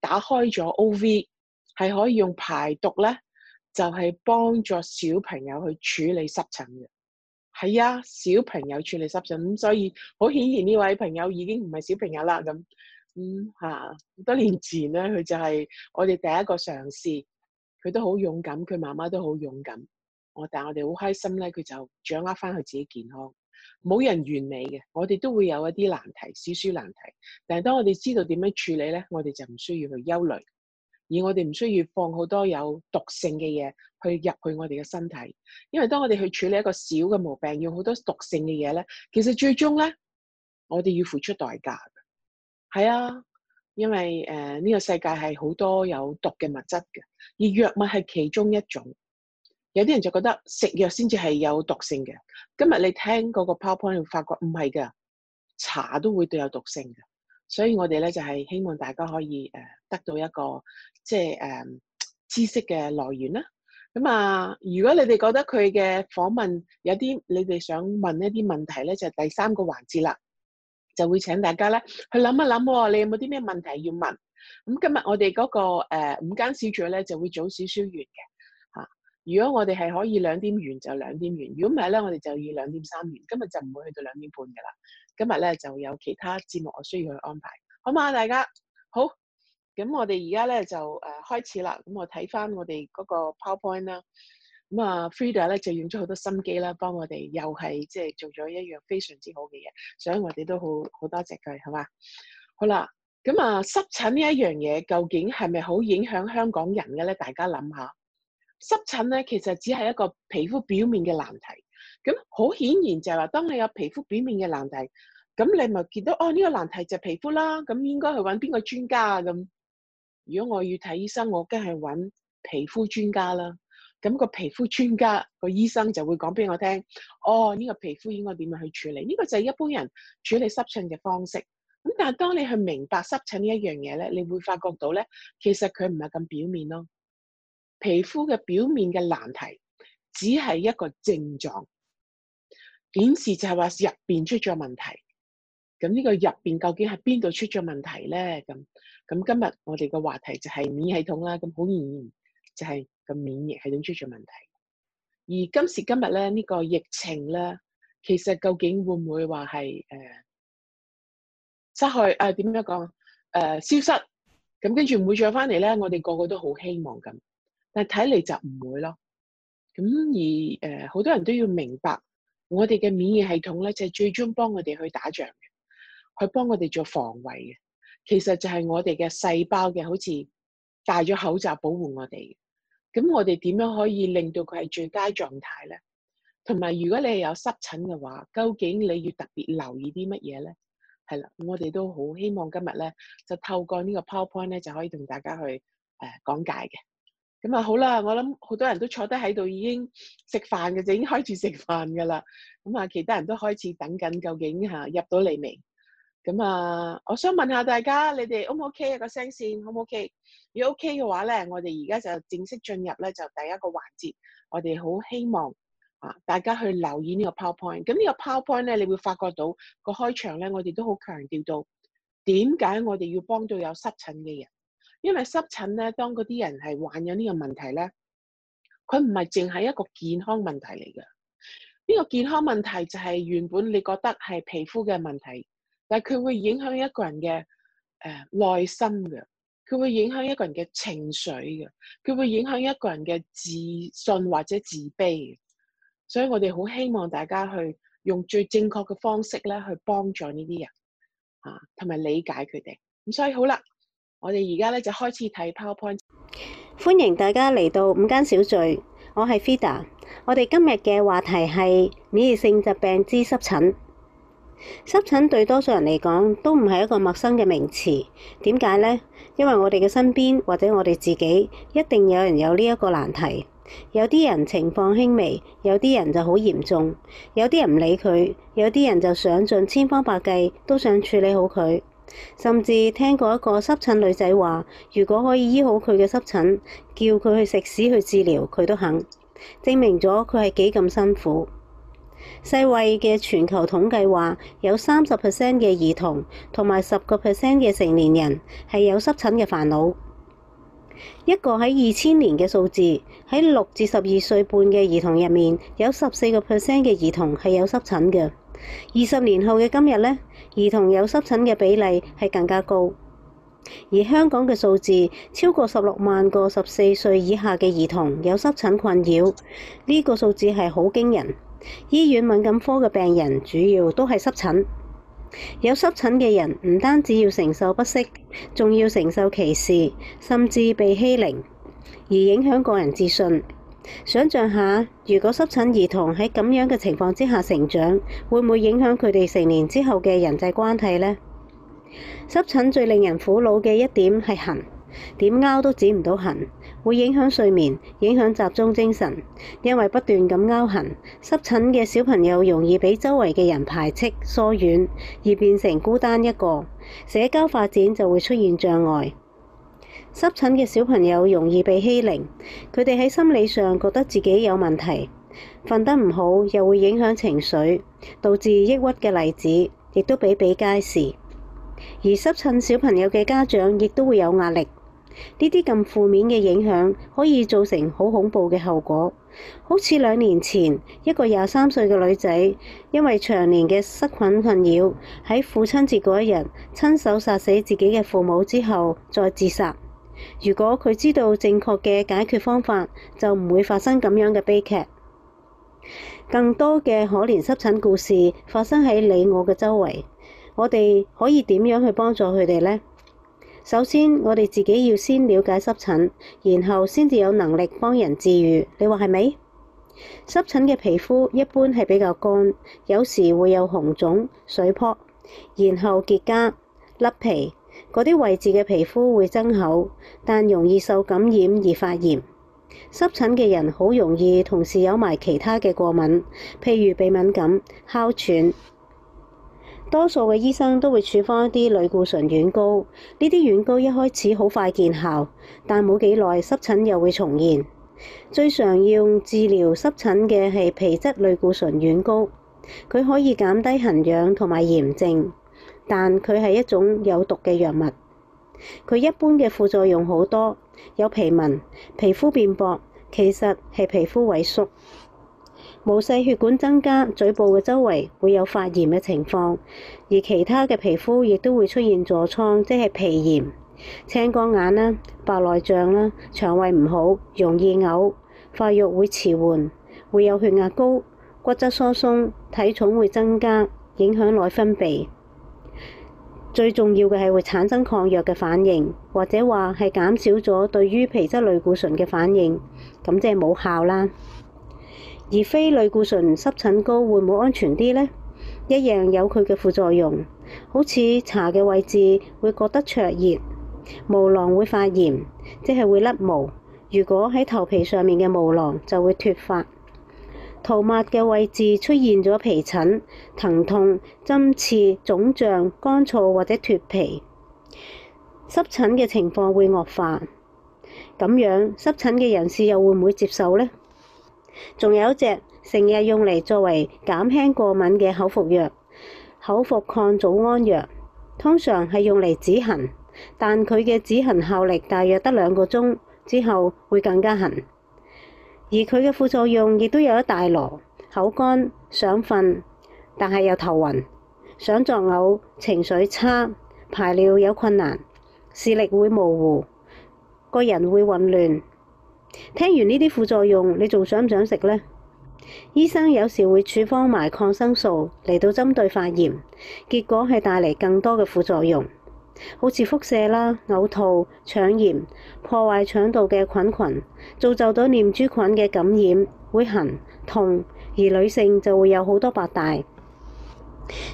打開咗 OV，係可以用排毒咧，就係、是、幫助小朋友去處理濕疹嘅。係啊，小朋友處理濕疹，咁所以好顯然呢位朋友已經唔係小朋友啦。咁嗯吓，好、啊、多年前咧，佢就係我哋第一個嘗試，佢都好勇敢，佢媽媽都好勇敢。但我但係我哋好開心咧，佢就掌握翻佢自己健康。冇人完美嘅，我哋都會有一啲難題，少少難題。但係當我哋知道點樣處理咧，我哋就唔需要去憂慮，而我哋唔需要放好多有毒性嘅嘢，去入去我哋嘅身體。因為當我哋去處理一個小嘅毛病，用好多毒性嘅嘢咧，其實最終咧，我哋要付出代價㗎。係啊，因為誒呢個世界係好多有毒嘅物質嘅，而藥物係其中一種。有啲人就覺得食藥先至係有毒性嘅。今日你聽嗰個 PowerPoint 會發覺唔係㗎，茶都會對有毒性嘅。所以我哋咧就係、是、希望大家可以誒、呃、得到一個即係誒知識嘅來源啦。咁、嗯、啊，如果你哋覺得佢嘅訪問有啲你哋想問一啲問題咧，就是、第三個環節啦，就會請大家咧去諗一諗喎，你有冇啲咩問題要問？咁、嗯、今日我哋嗰、那個、呃、五間小組咧就會早少少完嘅。如果我哋係可以兩點完就兩點完，如果唔係咧，我哋就要兩點三完。今日就唔會去到兩點半噶啦。今日咧就有其他節目，我需要去安排，好嘛？大家好，咁我哋而家咧就誒、呃、開始啦。咁我睇翻我哋嗰個 PowerPoint 啦。咁啊，Frida 咧就用咗好多心機啦，幫我哋又係即係做咗一樣非常之好嘅嘢，所以我哋都好好多謝佢，係嘛？好啦，咁啊，濕疹呢一樣嘢，究竟係咪好影響香港人嘅咧？大家諗下。濕疹咧，其實只係一個皮膚表面嘅難題。咁好顯然就係話，當你有皮膚表面嘅難題，咁你咪見到哦呢、這個難題就係皮膚啦，咁應該去揾邊個專家啊咁。如果我要睇醫生，我梗係揾皮膚專家啦。咁、那個皮膚專家、那個醫生就會講俾我聽，哦呢、這個皮膚應該點樣去處理？呢、這個就係一般人處理濕疹嘅方式。咁但係當你去明白濕疹一呢一樣嘢咧，你會發覺到咧，其實佢唔係咁表面咯。皮膚嘅表面嘅難題，只係一個症狀，顯示就係話入邊出咗問題。咁呢個入邊究竟係邊度出咗問題咧？咁咁今日我哋嘅話題就係免疫系統啦。咁好明顯就係咁免疫系統出咗問題。而今時今日咧，呢、呢個疫情咧，其實究竟會唔會話係誒失去誒？點、呃、樣講誒、呃？消失咁跟住唔會再翻嚟咧？我哋個個都好希望咁。但睇嚟就唔會咯。咁而誒，好多人都要明白，我哋嘅免疫系統咧，就係最終幫我哋去打仗嘅，去幫我哋做防衞嘅。其實就係我哋嘅細胞嘅，好似戴咗口罩保護我哋。咁我哋點樣可以令到佢係最佳狀態咧？同埋，如果你係有濕疹嘅話，究竟你要特別留意啲乜嘢咧？係啦，我哋都好希望今日咧，就透過呢個 PowerPoint 咧，就可以同大家去誒講解嘅。咁啊好啦，我諗好多人都坐低喺度，已經食飯嘅，就已經開始食飯噶啦。咁啊，其他人都開始等緊，究竟吓、啊、入到嚟未？咁啊，我想問下大家，你哋 O 唔 OK 啊？個聲線 O 唔 O K？如果 O K 嘅話咧，我哋而家就正式進入咧，就第一個環節，我哋好希望啊大家去留意個個呢個 PowerPoint。咁呢個 PowerPoint 咧，你會發覺到、個開場咧，我哋都好強調到，點解我哋要幫到有濕疹嘅人？因為濕疹咧，當嗰啲人係患有呢個問題咧，佢唔係淨係一個健康問題嚟嘅。呢、呢個健康問題就係原本你覺得係皮膚嘅問題，但係佢會影響一個人嘅誒、呃、內心嘅，佢會影響一個人嘅情緒嘅，佢會影響一個人嘅自信或者自卑。所以我哋好希望大家去用最正確嘅方式咧去幫助呢啲人啊，同埋理解佢哋。咁所以好啦。我哋而家咧就開始睇 PowerPoint。歡迎大家嚟到五間小聚，我係 Fida。我哋今日嘅話題係免疫性疾病之濕疹。濕疹對多數人嚟講都唔係一個陌生嘅名詞。點解咧？因為我哋嘅身邊或者我哋自己一定有人有呢一個難題。有啲人情況輕微，有啲人就好嚴重。有啲人唔理佢，有啲人就想盡千方百計都想處理好佢。甚至聽過一個濕疹女仔話，如果可以醫好佢嘅濕疹，叫佢去食屎去治療，佢都肯，證明咗佢係幾咁辛苦。世衛嘅全球統計話，有三十 percent 嘅兒童同埋十個 percent 嘅成年人係有濕疹嘅煩惱。一個喺二千年嘅數字，喺六至十二歲半嘅兒童入面，有十四個 percent 嘅兒童係有濕疹嘅。二十年後嘅今日呢？兒童有濕疹嘅比例係更加高，而香港嘅數字超過十六萬個十四歲以下嘅兒童有濕疹困擾，呢個數字係好驚人。醫院敏感科嘅病人主要都係濕疹，有濕疹嘅人唔單止要承受不適，仲要承受歧視，甚至被欺凌，而影響個人自信。想象下，如果濕疹兒童喺咁樣嘅情況之下成長會唔會影響佢哋成年之後嘅人際關係呢？濕疹最令人苦惱嘅一點係痕，點撓都止唔到痕，會影響睡眠，影響集中精神。因為不斷咁撓痕，濕疹嘅小朋友容易俾周圍嘅人排斥疏遠，而變成孤單一個，社交發展就會出現障礙。濕疹嘅小朋友容易被欺凌，佢哋喺心理上覺得自己有問題，瞓得唔好又會影響情緒，導致抑鬱嘅例子亦都比比皆是。而濕疹小朋友嘅家長亦都會有壓力，呢啲咁負面嘅影響可以造成好恐怖嘅後果，好似兩年前一個廿三歲嘅女仔，因為長年嘅濕菌困擾，喺父親節嗰一日親手殺死自己嘅父母之後再自殺。如果佢知道正確嘅解決方法，就唔會發生咁樣嘅悲劇。更多嘅可憐濕疹故事發生喺你我嘅周圍，我哋可以點樣去幫助佢哋呢？首先，我哋自己要先了解濕疹，然後先至有能力幫人治癒。你話係咪？濕疹嘅皮膚一般係比較乾，有時會有紅腫、水泡，然後結痂、甩皮。嗰啲位置嘅皮膚會增厚，但容易受感染而發炎。濕疹嘅人好容易同時有埋其他嘅過敏，譬如鼻敏感、哮喘。多數嘅醫生都會處方一啲類固醇軟膏。呢啲軟膏一開始好快見效，但冇幾耐濕疹又會重現。最常用治療濕疹嘅係皮質類固醇軟膏，佢可以減低痕癢同埋炎症。但佢係一種有毒嘅藥物，佢一般嘅副作用好多，有皮紋、皮膚變薄，其實係皮膚萎縮，毛細血管增加，嘴部嘅周圍會有發炎嘅情況，而其他嘅皮膚亦都會出現痤瘡，即係皮炎、青光眼啦、白內障啦、腸胃唔好、容易嘔、發育會遲緩、會有血壓高、骨質疏鬆、體重會增加、影響內分泌。最重要嘅係會產生抗藥嘅反應，或者話係減少咗對於皮質類固醇嘅反應，咁即係冇效啦。而非類固醇濕疹膏會唔會安全啲呢？一樣有佢嘅副作用，好似搽嘅位置會覺得灼熱，毛囊會發炎，即係會甩毛。如果喺頭皮上面嘅毛囊就會脫髮。塗抹嘅位置出現咗皮疹、疼痛、針刺、腫脹、乾燥或者脫皮，濕疹嘅情況會惡化。咁樣濕疹嘅人士又會唔會接受呢？仲有一隻成日用嚟作為減輕過敏嘅口服藥，口服抗組胺藥，通常係用嚟止痕，但佢嘅止痕效力大約得兩個鐘之後會更加痕。而佢嘅副作用亦都有一大籮，口乾、想瞓，但係又頭暈、想作嘔、情緒差、排尿有困難、視力會模糊、個人會混亂。聽完呢啲副作用，你仲想唔想食呢？醫生有時會處方埋抗生素嚟到針對發炎，結果係帶嚟更多嘅副作用。好似腹瀉啦、嘔吐、腸炎、破壞腸道嘅菌群、造就到念珠菌嘅感染，會痕痛，而女性就會有好多白帶。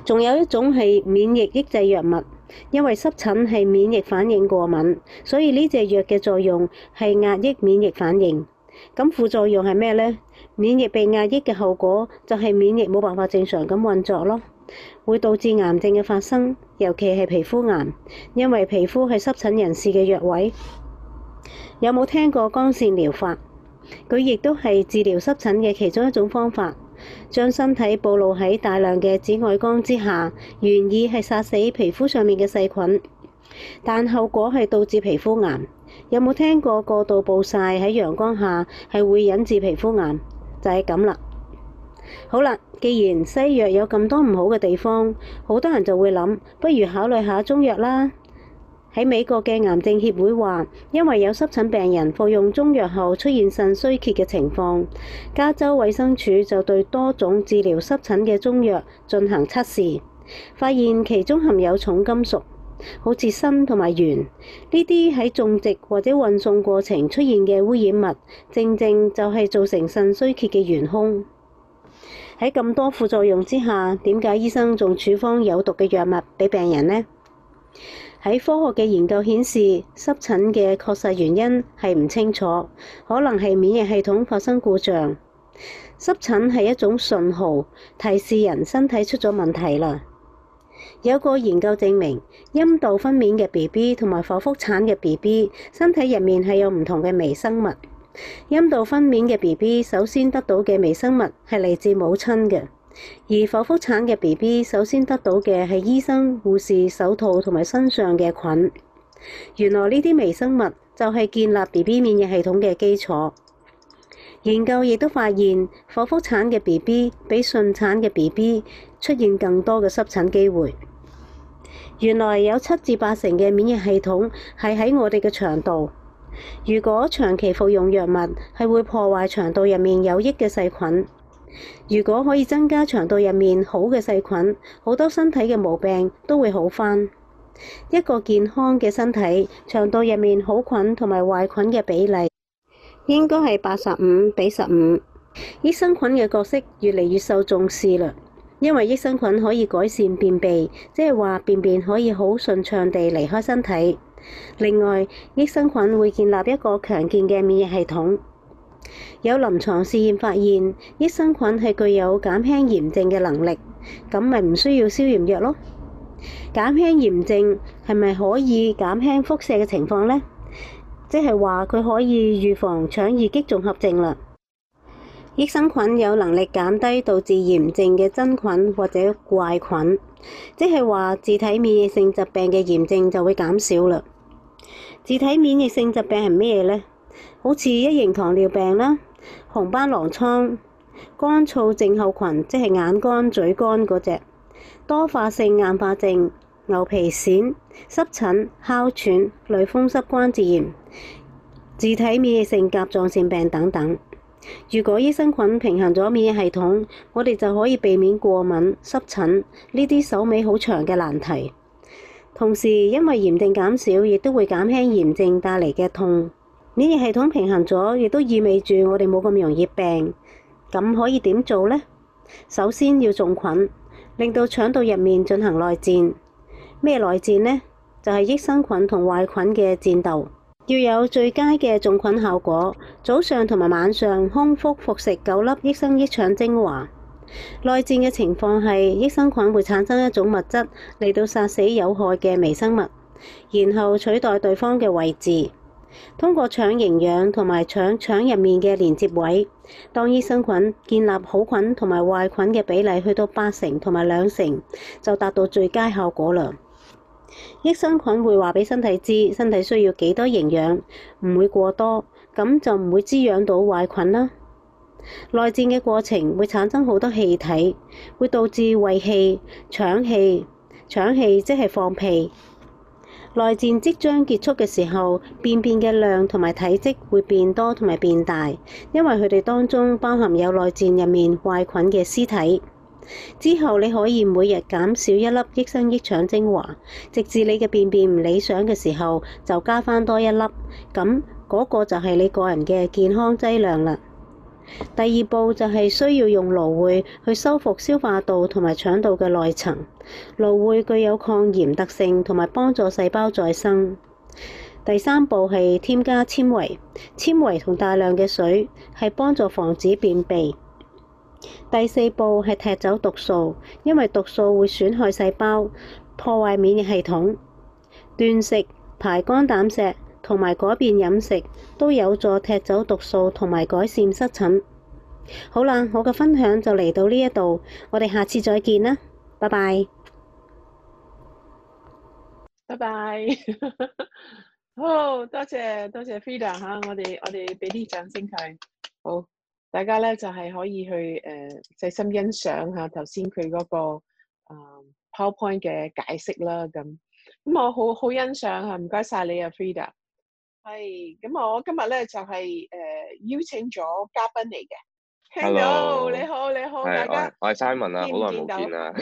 仲有一種係免疫抑制藥物，因為濕疹係免疫反應過敏，所以呢隻藥嘅作用係壓抑免疫反應。咁副作用係咩呢？免疫被壓抑嘅後果就係免疫冇辦法正常咁運作咯。會導致癌症嘅發生，尤其係皮膚癌，因為皮膚係濕疹人士嘅弱位。有冇聽過光線療法？佢亦都係治療濕疹嘅其中一種方法，將身體暴露喺大量嘅紫外光之下，原意係殺死皮膚上面嘅細菌，但後果係導致皮膚癌。有冇聽過過度暴曬喺陽光下係會引致皮膚癌？就係咁啦。好啦，既然西藥有咁多唔好嘅地方，好多人就會諗，不如考慮下中藥啦。喺美國嘅癌症協會話，因為有濕疹病人服用中藥後出現腎衰竭嘅情況，加州衛生署就對多種治療濕疹嘅中藥進行測試，發現其中含有重金屬，好似砷同埋鉛。呢啲喺種植或者運送過程出現嘅污染物，正正就係造成腎衰竭嘅元兇。喺咁多副作用之下，點解醫生仲處方有毒嘅藥物畀病人呢？喺科學嘅研究顯示，濕疹嘅確實原因係唔清楚，可能係免疫系統發生故障。濕疹係一種信號，提示人身體出咗問題啦。有個研究證明，陰道分娩嘅 BB 同埋剖腹產嘅 BB，身體入面係有唔同嘅微生物。陰道分娩嘅 B B 首先得到嘅微生物係嚟自母親嘅，而剖腹產嘅 B B 首先得到嘅係醫生、護士手套同埋身上嘅菌。原來呢啲微生物就係建立 B B 免疫系統嘅基礎。研究亦都發現，剖腹產嘅 B B 比順產嘅 B B 出現更多嘅濕疹機會。原來有七至八成嘅免疫系統係喺我哋嘅腸道。如果長期服用藥物，係會破壞腸道入面有益嘅細菌。如果可以增加腸道入面好嘅細菌，好多身體嘅毛病都會好返。一個健康嘅身體，腸道入面好菌同埋壞菌嘅比例應該係八十五比十五。益生菌嘅角色越嚟越受重視啦，因為益生菌可以改善便秘，即係話便便可以好順暢地離開身體。另外，益生菌會建立一個強健嘅免疫系統。有臨床試驗發現，益生菌係具有減輕炎症嘅能力，咁咪唔需要消炎藥咯。減輕炎症係咪可以減輕輻射嘅情況呢？即係話佢可以預防腸易激綜合症啦。益生菌有能力減低導致炎症嘅真菌或者怪菌，即係話自體免疫性疾病嘅炎症就會減少啦。自體免疫性疾病係咩咧？好似一型糖尿病啦、紅斑狼瘡、乾燥症候群，即係眼乾嘴乾嗰隻、多發性硬化症、牛皮癬、濕疹、哮喘、類風濕關節炎、自體免疫性甲狀腺病等等。如果益生菌平衡咗免疫系統，我哋就可以避免過敏、濕疹呢啲手尾好長嘅難題。同時，因為炎症減少，亦都會減輕炎症帶嚟嘅痛。免疫系統平衡咗，亦都意味住我哋冇咁容易病。咁可以點做呢？首先要種菌，令到腸道入面進行內戰。咩內戰呢？就係益生菌同壞菌嘅戰鬥。要有最佳嘅種菌效果，早上同埋晚上空腹服食九粒益生益腸精華。內戰嘅情況係益生菌會產生一種物質嚟到殺死有害嘅微生物，然後取代對方嘅位置，通過腸營養同埋腸腸入面嘅連接位。當益生菌建立好菌同埋壞菌嘅比例去到八成同埋兩成，就達到最佳效果啦。益生菌會話俾身體知身體需要幾多營養，唔會過多，咁就唔會滋養到壞菌啦。內戰嘅過程會產生好多氣體，會導致胃氣、腸氣。腸氣即係放屁。內戰即將結束嘅時候，便便嘅量同埋體積會變多同埋變大，因為佢哋當中包含有內戰入面壞菌嘅屍體。之後你可以每日減少一粒益生益腸精華，直至你嘅便便唔理想嘅時候就加翻多一粒，咁嗰個就係你個人嘅健康劑量啦。第二步就係需要用蘆薈去修復消化道同埋腸道嘅內層。蘆薈具有抗炎特性同埋幫助細胞再生。第三步係添加纖維，纖維同大量嘅水係幫助防止便秘。第四步係踢走毒素，因為毒素會損害細胞、破壞免疫系統、斷食、排肝膽石。同埋改變飲食都有助踢走毒素同埋改善濕疹。好啦，我嘅分享就嚟到呢一度，我哋下次再見啦，拜拜，拜拜。 好多謝多謝 Frida 嚇，我哋我哋俾啲掌聲佢。好，大家咧就係、是、可以去誒細心欣賞下頭先佢嗰個啊、呃、PowerPoint 嘅解釋啦。咁咁、嗯、我好好欣賞嚇，唔該晒你啊 Frida。Fr 係，咁我今日咧就係誒邀請咗嘉賓嚟嘅。Hello，你好，你好，大家。我係 Simon 啊，好耐冇見啦。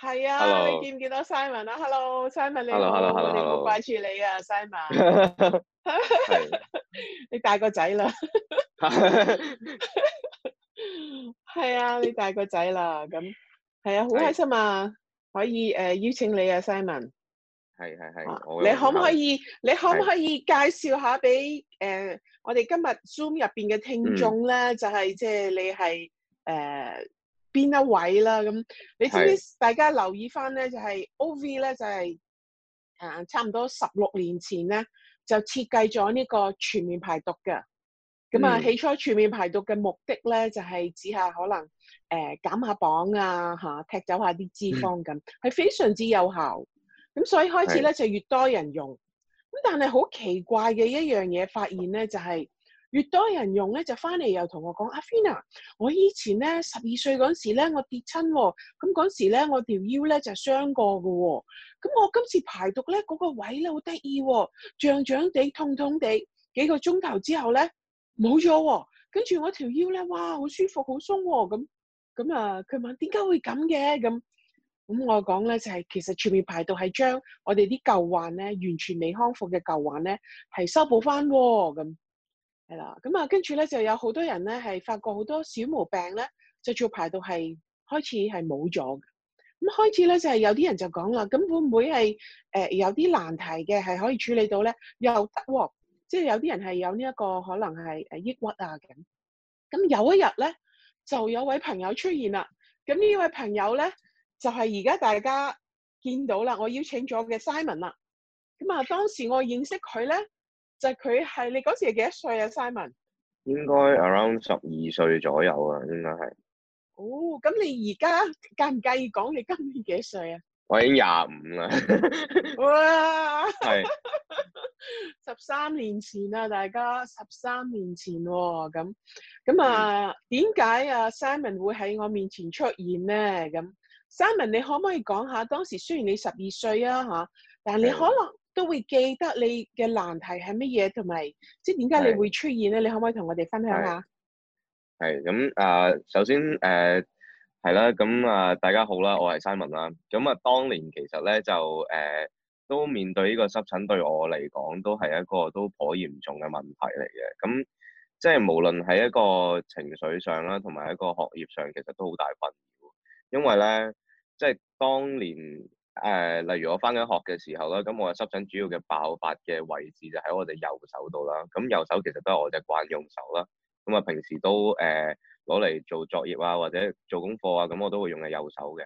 係啊，你見唔見到 Simon 啊？Hello，Simon 你好。Hello，Hello，Hello，我好掛住你啊，Simon。你大個仔啦。係啊，你大個仔啦，咁係啊，好開心啊，可以誒邀請你啊，Simon。係係係，你可唔可以？你可唔可以介紹下俾誒、呃、我哋今日 Zoom 入邊嘅聽眾咧、嗯就是？就係即係你係誒邊一位啦？咁你知唔知是大家留意翻咧？就係、是、OV 咧，就係、是、啊、呃，差唔多十六年前咧就設計咗呢個全面排毒嘅。咁啊，嗯、起初全面排毒嘅目的咧，就係只係可能誒、呃、減下磅啊，吓、啊、踢走下啲脂肪咁，係、嗯、非常之有效。咁、嗯、所以開始咧就越多人用，咁但係好奇怪嘅一樣嘢發現咧，就係、是、越多人用咧，就返嚟又同我講阿 Fina，我以前咧十二歲嗰時咧，我跌親喎，咁嗰時咧我條腰咧就傷過嘅喎，咁我今次排毒咧嗰、那個位咧好得意喎，脹脹地痛痛地，幾個鐘頭之後咧冇咗喎，跟住、哦、我條腰咧哇好舒服好鬆喎，咁咁啊佢問點解會咁嘅咁？咁我講咧就係、是，其實全面排毒係將我哋啲舊患咧，完全未康復嘅舊患咧，係修補翻喎。咁係啦，咁、嗯、啊，跟住咧就有好多人咧係發覺好多小毛病咧，就做排毒係開始係冇咗嘅。咁開始咧就係、是、有啲人就講啦，咁會唔會係誒、呃、有啲難題嘅係可以處理到咧？又得喎、哦，即係有啲人係有呢、這、一個可能係誒抑鬱啊咁。咁、嗯、有一日咧就有位朋友出現啦，咁呢位朋友咧。就係而家大家見到啦，我邀請咗嘅 Simon 啦。咁、嗯、啊，當時我認識佢咧，就佢、係、係你嗰時幾多歲啊？Simon 應該 around 十二歲左右啊，應該係。哦，咁你而家介唔介意講你今年幾歲啊？我已經廿五啦。 哇！係十三年前啊，大家十三年前咁咁啊？點解啊 Simon、嗯、會喺我面前出現咧？咁？Simon，你可唔可以講下當時雖然你十二歲啊吓，但你可能都會記得你嘅難題係乜嘢，同埋即係點解你會出現咧？的你可唔可以同我哋分享下？係咁啊，首先誒係啦，咁、呃、啊大家好啦，我係 Simon 啦。咁啊當年其實咧就誒、呃、都面對呢個濕疹，對我嚟講都係一個都頗嚴重嘅問題嚟嘅。咁即係無論喺一個情緒上啦，同埋一個學業上，其實都好大困擾。因為咧，即係當年誒、呃，例如我翻緊學嘅時候咧，咁、嗯、我嘅濕疹主要嘅爆發嘅位置就喺我哋右手度啦。咁、嗯、右手其實都係我隻慣用手啦。咁、嗯、啊，平時都誒攞嚟做作業啊，或者做功課啊，咁、嗯、我都會用嘅右手嘅。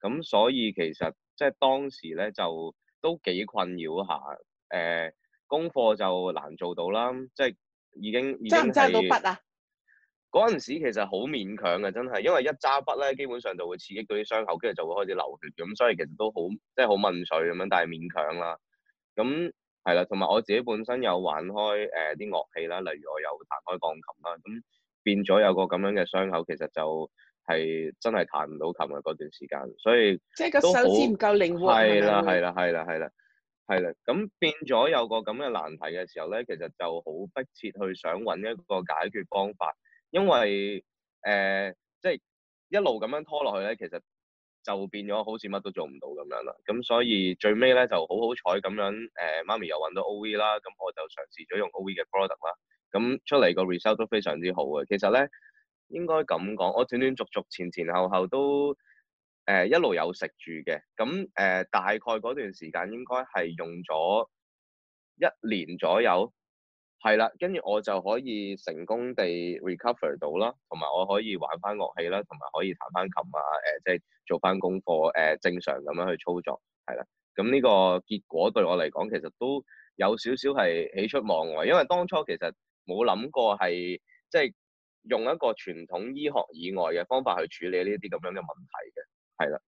咁、嗯、所以其實即係當時咧就都幾困擾下誒、呃，功課就難做到啦，嗯。即係已經已經係，揸唔揸到筆啊？嗰陣時其實好勉強嘅，真係，因為一揸筆咧，基本上就會刺激到啲傷口，跟住就會開始流血咁，所以其實都好即係好問水咁樣，但係勉強啦。咁係啦，同埋我自己本身有玩開誒啲樂器啦，例如我有彈開鋼琴啦，咁變咗有個咁樣嘅傷口，其實就係真係彈唔到琴嘅嗰段時間，所以即係個手指唔夠靈活。係啦係啦係啦係啦係啦，咁變咗有個咁嘅難題嘅時候咧，其實就好迫切去想揾一個解決方法。因為誒、呃，即係一路咁樣拖落去咧，其實就變咗好似乜都做唔到咁樣啦。咁所以最尾咧就好好彩咁樣，誒、呃、媽咪又搵到 OV 啦，咁我就嘗試咗用 OV 嘅 product 啦。咁出嚟個 result 都非常之好嘅。其實咧應該咁講，我斷斷續續前前後後都誒、呃、一路有食住嘅。咁誒、呃、大概嗰段時間應該係用咗一年左右。係啦， 跟住我就可以成功地 recover 到啦，同埋我可以玩翻樂器啦，同埋可以彈翻琴啊，誒，即係做翻功課，誒，正常咁樣去操作，係啦。咁呢個結果對我嚟講，其實都有少少係喜出望外，因為當初其實冇諗過係即係用一個傳統醫學以外嘅方法去處理呢啲咁樣嘅問題嘅，係啦。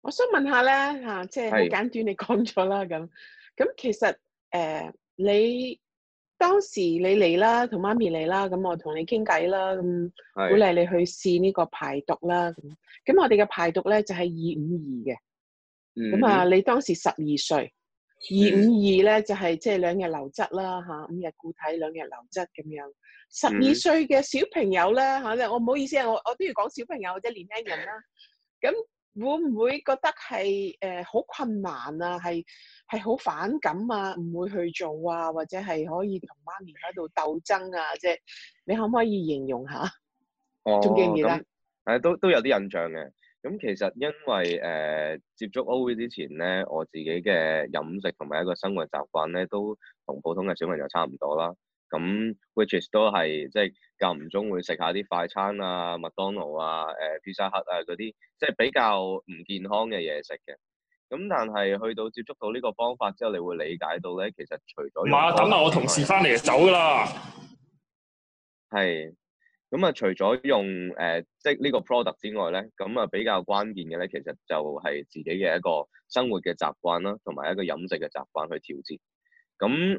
我想問下咧，嚇，即係好簡短是的、呃，你講咗啦，咁，咁其實誒你。當時你嚟啦，同媽咪嚟啦，咁我同你傾偈啦，咁鼓勵你去試呢個排毒啦。咁，咁我哋嘅排毒咧就係二五二嘅。嗯。咁啊，你當時十二歲，二五二咧就係即係兩日流質啦，嚇，五日固體，兩日流質咁樣。十二歲嘅小朋友咧，嚇、嗯，我唔好意思啊，我我都要講小朋友或者年輕人啦。咁。會唔會覺得係誒好困難啊？係係好反感啊？唔會去做啊？或者係可以同媽咪喺度鬥爭啊？即係你可唔可以形容下？仲記唔記得，誒、嗯嗯、都都有啲印象嘅。咁、嗯、其實因為誒、呃、接觸 O V 之前咧，我自己嘅飲食同埋一個生活習慣咧，都同普通嘅小朋友差唔多啦。咁、嗯、which is 都係即係間唔中會食下啲快餐啊、麥當勞啊、誒 Pizza Hut 啊嗰啲，即係比較唔健康嘅嘢食嘅。咁但係去到接觸到呢個方法之後，你會理解到咧，其實除咗，唔係了有啊，等下我同事翻嚟就走㗎啦。係，咁啊，除咗用誒，即係呢個 product 之外咧，咁啊比較關鍵嘅咧，其實就係自己嘅一個生活嘅習慣啦，同埋一個飲食嘅習慣去調節。咁誒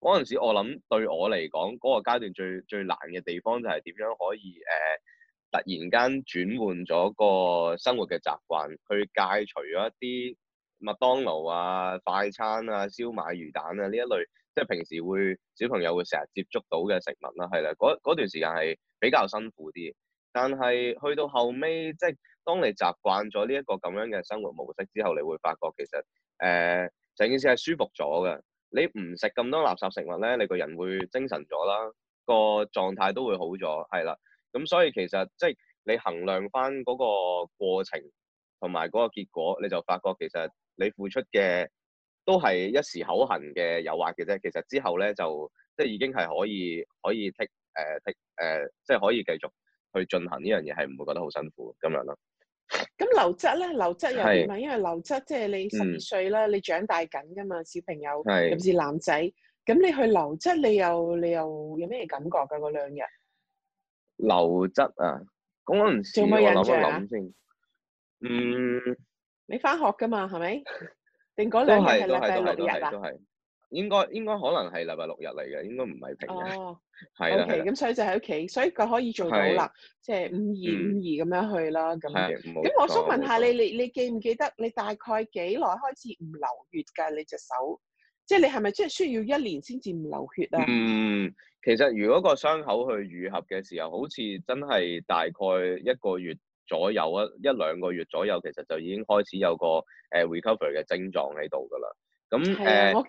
嗰陣時，我諗對我嚟講，嗰、那個階段最最難嘅地方就係點樣可以誒、呃、突然間轉換咗個生活嘅習慣，去戒除咗一啲麥當勞啊、快餐啊、燒賣魚蛋啊呢一類，即、就、係、是、平時會小朋友會成日接觸到嘅食物啦，係啦，嗰段時間係比較辛苦啲。但係去到後尾，即、就、係、是、當你習慣咗呢一個咁樣嘅生活模式之後，你會發覺其實誒整、呃、件事係舒服咗嘅。你唔食咁多垃圾食物咧，你個人會精神咗啦，個狀態都會好咗，係啦。咁所以其實即係、就是、你衡量翻嗰個過程同埋嗰個結果，你就發覺其實你付出嘅都係一時口痕嘅誘惑嘅啫。其實之後咧就即係已經係可以可以剔誒剔誒，即係可以繼續去進行呢樣嘢，係唔會覺得好辛苦咁樣咯。咁流質咧，流質又點啊？是因為流質即係你十二歲啦，嗯，你長大緊噶嘛，小朋友，尤其是男仔，咁你去流質，你又你又有咩感覺噶嗰兩日？流質啊，講緊暑假諗一諗先，嗯，你翻學噶嘛？係咪？定嗰兩日係禮拜六日啊？應該應該可能係禮拜六日嚟嘅，應該唔係平日。哦，係 O.K.，咁所以就喺屋企，所以佢可以做到啦，即係五二五二咁樣去啦。咁，咁我想問下你，你你記唔記得你大概幾耐開始唔流血噶？你隻手，即係你係咪即係需要一年先至唔流血啊？嗯，其實如果個傷口去愈合嘅時候，好似真係大概一個月左右啊，一兩個月左右，其實就已經開始有個誒 recovery 嘅症狀喺度噶啦。咁誒。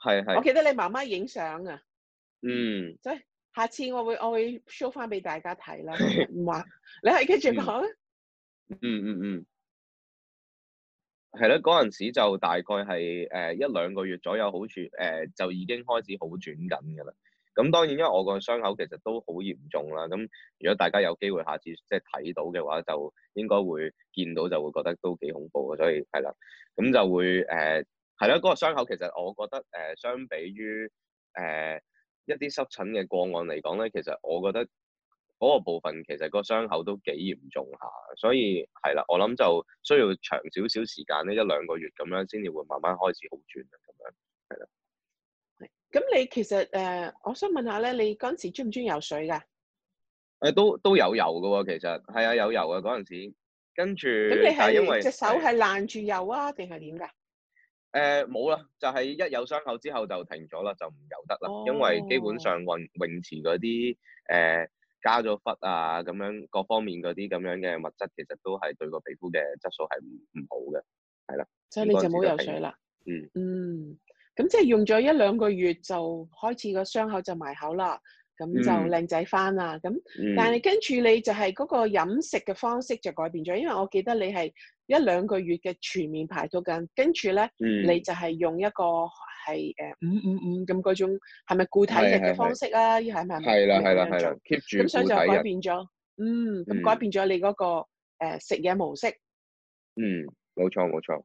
係，我記得你媽媽影相啊，嗯，所以下次我會我會 show 翻俾大家睇啦。唔話， 你係跟住講。嗯嗯嗯，係、嗯、啦，嗰陣時就大概係誒、呃、一兩個月左右好，好處誒就已經開始好轉緊噶啦。咁當然，因為我個傷口其實都好嚴重啦。咁如果大家有機會下次即係睇到嘅話，就應該會見到就會覺得都幾恐怖嘅。所以係啦，咁就會誒。呃係啦，嗰、那個傷口其實我覺得誒、呃，相比於誒、呃、一啲濕疹嘅個案嚟講咧，其實我覺得嗰個部分其實個傷口都幾嚴重下，所以係啦，我諗就需要長少少時間咧，一兩個月咁樣先至會慢慢開始好轉啊，咁樣。係啦，係。咁你其實誒、呃，我想問下咧，你嗰陣時中唔中意游水噶？誒、呃，都都有遊嘅喎，其實係啊，有遊嘅嗰陣時，跟住你係因為隻手係爛住油啊，定係點噶？誒，冇啦，呃，就係、是、一有傷口之後就停咗啦，就唔游得啦。哦，因為基本上泳泳池嗰啲誒加咗氟啊咁樣，各方面嗰啲咁樣嘅物質，其實都係對個皮膚嘅質素係唔唔好嘅，係啦，所以是你就唔好游水啦，嗯嗯，咁即係用咗一兩個月就開始個傷口就埋口啦。咁就靚仔翻啦，咁但係跟住你就係嗰個飲食嘅方式就改變咗，因為我記得你係一兩個月嘅全面排毒緊，跟住咧你就係用一個係誒五五五咁嗰種係咪固體力嘅方式啊？依係咪？係啦係啦係啦，keep 住咁所以就改變咗，嗯，咁改變咗你嗰個誒食嘢模式。嗯，冇錯冇錯。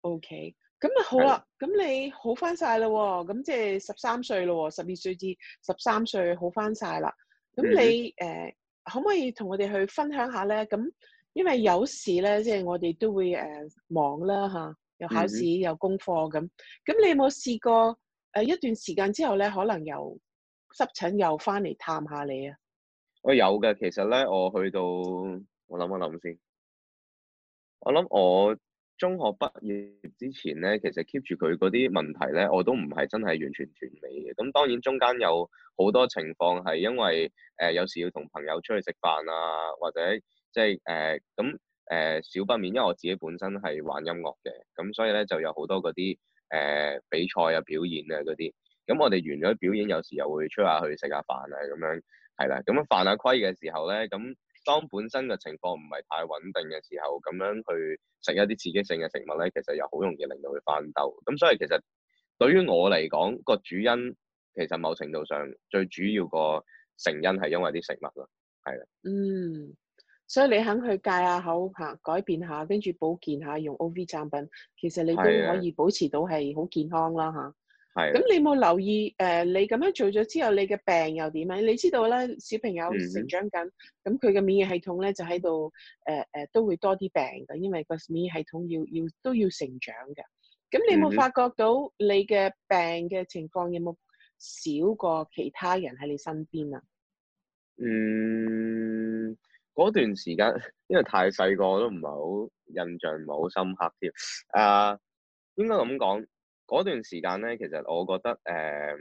OK。咁啊好啦，咁的你好翻晒啦，咁即係十三歲啦，十二歲至十三歲好翻晒啦。咁你誒、嗯、呃，可唔可以同我哋去分享下咧？咁因為有時咧，即係我哋都會誒、呃、忙啦吓、啊，又考試、嗯嗯、又功課咁。咁你有冇試過誒、呃、一段時間之後咧，可能又濕疹又翻嚟探下你啊？我有噶，其實咧我去到，我諗一諗先，我諗我。中學畢業之前咧，其實 keep 住佢嗰啲問題咧，我都唔係真係完全完美嘅。咁當然中間有好多情況係因為誒、呃、有時要同朋友出去食飯啊，或者即係誒咁誒少不免，因為我自己本身係玩音樂嘅，咁所以咧就有好多嗰啲誒比賽啊、表演啊嗰啲。咁我哋完咗表演，有時又會出下去食下飯啊咁樣，係啦。咁犯下規嘅時候咧，咁。當本身嘅情況唔係太穩定嘅時候，咁樣去食一啲刺激性嘅食物咧，其實又好容易令到佢翻兜。咁所以其實對於我嚟講，個主因其實某程度上最主要個成因係因為啲食物咯，係啊。嗯，所以你肯去戒下口嚇，改變下，跟住保健下，用 O V 產品，其實你都可以保持到係好健康啦嚇。係，咁你冇留意誒、呃？你咁樣做咗之後，你嘅病又點樣？你知道咧，小朋友成長緊，咁佢嘅免疫系統咧就喺度誒誒，都會多啲病噶，因為個免疫系統要要都要成長嘅。咁你有冇發覺到、嗯、哼你嘅病嘅情況有冇少過其他人喺你身邊啊？嗯，嗰段時間因為太細個，都唔係好印象，唔係好深刻添。啊、呃，應該咁講。嗰段時間咧，其實我覺得誒、呃，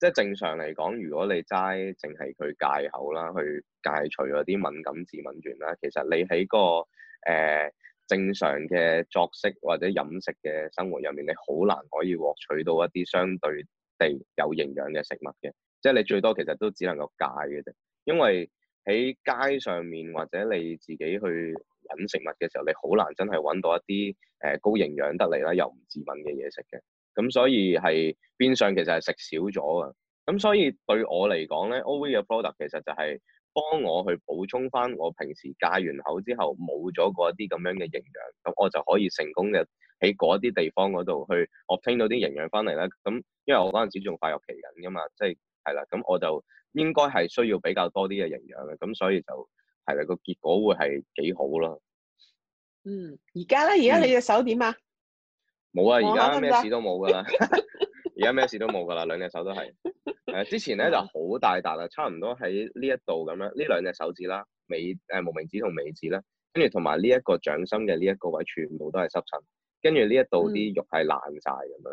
即係正，正常嚟講，如果你齋淨係去戒口啦，去戒除嗰啲敏感致敏原啦，其實你喺個誒、呃、正常嘅作息或者飲食嘅生活入面，你好難可以獲取到一啲相對地有營養嘅食物嘅，即係你最多其實都只能夠戒嘅啫。因為喺街上面或者你自己去飲食物嘅時候，你好難真係揾到一啲誒、呃、高營養得嚟啦，又唔致敏嘅嘢食嘅。咁所以係變相其實係食少咗啊！咁所以對我嚟講咧，O V 嘅 product 其實就係幫我去補充翻我平時戒完口之後冇咗嗰啲咁樣嘅營養，咁我就可以成功嘅喺嗰啲地方嗰度去 obtain 到啲營養翻嚟啦。咁因為我嗰陣時仲發育期緊噶嘛，即係係啦，咁我就應該係需要比較多啲嘅營養嘅，咁所以就係啦，個結果會係幾好囉。嗯，而家咧，而家你隻手點啊？嗯冇啊，而家咩事都冇噶啦，而家咩事都冇噶啦， 兩隻手都係，誒、呃，之前咧 就好大笪啦，差唔多喺呢一度咁樣，呢兩隻手指啦，尾誒、呃、無名指同尾指啦，跟住同埋呢一個掌心嘅呢一個位，全部都係濕疹，跟住呢一度啲肉係爛晒咁樣，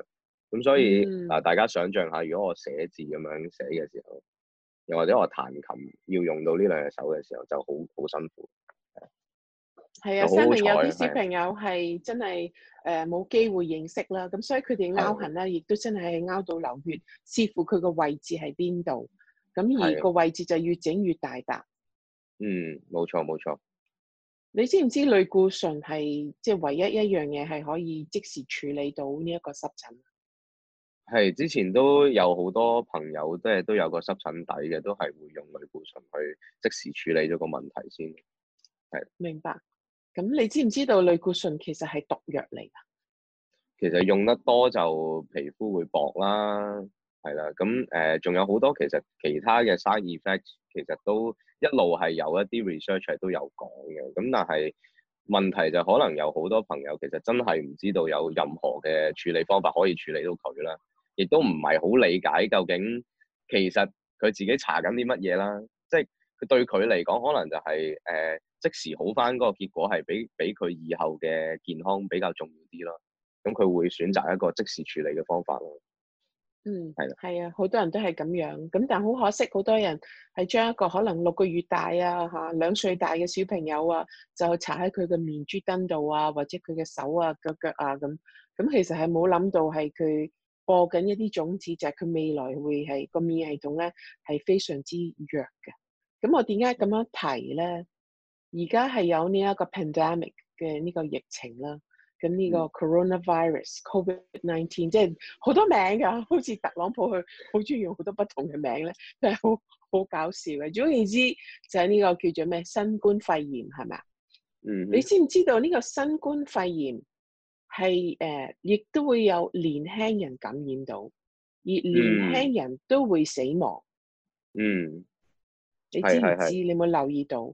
咁、嗯、所以誒、嗯、大家想象下，如果我寫字咁樣寫嘅時候，又或者我彈琴要用到呢兩隻手嘅時候，就好好辛苦。係啊，身邊有啲小朋友係真係誒冇機會認識啦，咁、啊、所以佢哋咬痕咧，亦都真係咬到流血，視乎佢個位置喺邊度，咁而個位置就越整越大笪。嗯，冇錯冇錯。錯。你知唔知類固醇係即係唯一一樣嘢係可以即時處理到呢一個濕疹？係之前都有好多朋友即係都有個濕疹底嘅，都係會用類固醇去即時處理咗個問題先。係明白。咁你知唔知道類固醇其實係毒藥嚟㗎？其實用得多就皮膚會薄啦，係啦。咁誒，仲、呃、有好多其實其他嘅 side effect，其實都一路係有一啲 research 係都有講嘅。咁但係問題就可能有好多朋友其實真係唔知道有任何嘅處理方法可以處理到佢啦，亦都唔係好理解究竟其實佢自己查緊啲乜嘢啦。即係佢對佢嚟講，可能就係、係、誒。呃即時好翻嗰個結果係比比佢以後嘅健康比較重要啲咯，咁佢會選擇一個即時處理嘅方法咯。嗯，係咯的，係啊，好多人都係咁樣，咁但係好可惜，好多人係將一個可能六個月大啊，嚇、啊、兩歲大嘅小朋友啊，就搽喺佢嘅面珠燈度啊，或者佢嘅手啊、腳腳啊咁，咁其實係冇諗到係佢播緊一啲種子，就係、是、佢未來會係個免疫系統咧係非常之弱嘅。咁我點解咁樣提咧？而家係有呢一個 pandemic 嘅呢個疫情啦，咁呢個 coronavirus、嗯、covid nineteen 即係好多名㗎、啊，好似特朗普佢好中意用好多不同嘅名咧、啊，都係好好搞笑嘅、啊。總言之，就係呢個叫做咩新冠肺炎係咪啊？嗯哼，你知唔知道呢個新冠肺炎係誒，亦、呃、都會有年輕人感染到，而年輕人都會死亡。嗯，嗯你知唔知、嗯、你有冇、嗯、留意到？